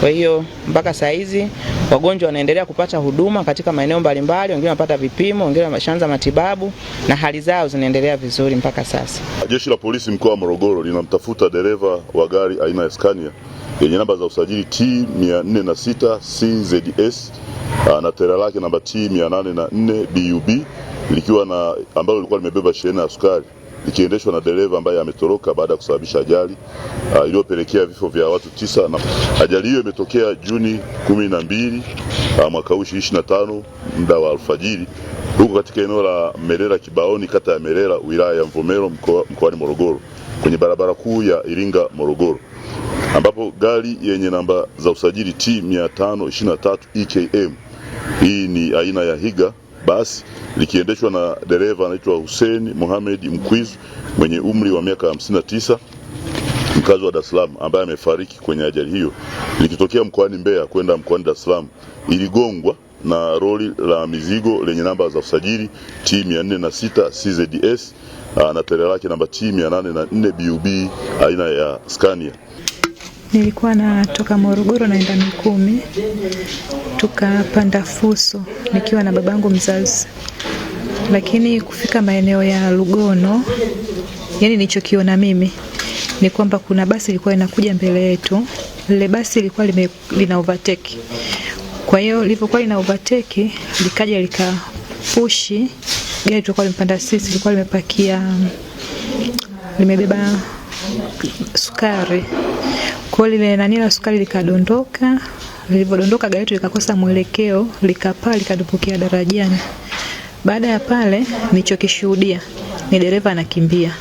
Kwa hiyo mpaka saa hizi wagonjwa wanaendelea kupata huduma katika maeneo mbalimbali, wengine wanapata vipimo, wengine wameshaanza matibabu na hali zao zinaendelea vizuri mpaka sasa. Jeshi la Polisi mkoa wa Morogoro linamtafuta dereva wa gari aina ya Scania yenye namba za usajili T 406 CZS ah, na tera lake namba T 804 BUB likiwa na ambalo lilikuwa limebeba shehena ya sukari ikiendeshwa na dereva ambaye ametoroka baada ya kusababisha ajali uh, iliyopelekea vifo vya watu tisa na ajali hiyo imetokea Juni kumi na mbili uh, mwaka huu ishirini na tano muda wa alfajiri huko katika eneo la Merera Kibaoni, kata ya Merera, wilaya ya Mvomero, mkoani Morogoro, kwenye barabara kuu ya Iringa Morogoro, ambapo gari yenye namba za usajili T 523 EKM, hii ni aina ya Higa basi likiendeshwa na dereva anaitwa Hussein Mohamed Mkwizu mwenye umri wa miaka 59 mkazi wa Dar es Salaam ambaye amefariki kwenye ajali hiyo likitokea mkoani Mbeya kwenda mkoani Dar es Salaam, iligongwa na roli la mizigo lenye namba za usajili T 406 CZDS na tere ah, lake namba T 804 BUB aina ya Scania. Nilikuwa natoka Morogoro naenda Mikumi, tukapanda Fuso nikiwa na babangu mzazi, lakini kufika maeneo ya Lugono, yani nilichokiona mimi ni kwamba kuna basi ilikuwa inakuja mbele yetu. Lile basi lilikuwa lina overtake, kwa hiyo lilivyokuwa lina overtake likaja likapushi gari tulikuwa limepanda sisi, lilikuwa limepakia limebeba sukari kwao, lile nani la sukari likadondoka. Lilivyodondoka gari letu likakosa mwelekeo, likapaa likadupukia darajani. Baada ya pale, nilichokishuhudia ni dereva anakimbia.